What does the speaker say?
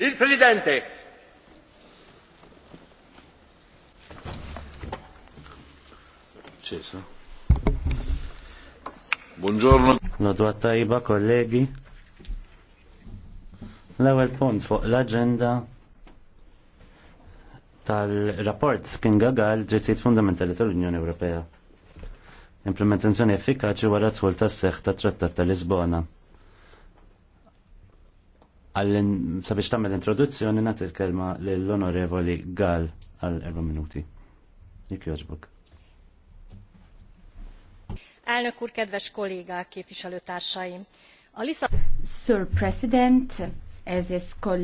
Il Presidente. Cesa. Buongiorno. Nodwa tajba, kollegi. L-ewwel punt fuq l-aġenda tal-rapport skin gagal drittijiet fundamentali tal-Unjoni Ewropea. Implementazzjoni effikaċi wara t-twol tas-seħħ ta' trattat tal Lisbona għallin sabiex l introduzzjoni nat il-kelma l-onorevoli Gall għal 4 minuti. Jek joġbuk. Elnök úr, kedves kollégák, képviselőtársaim! A Lisa... Sir President, ez is kollégák.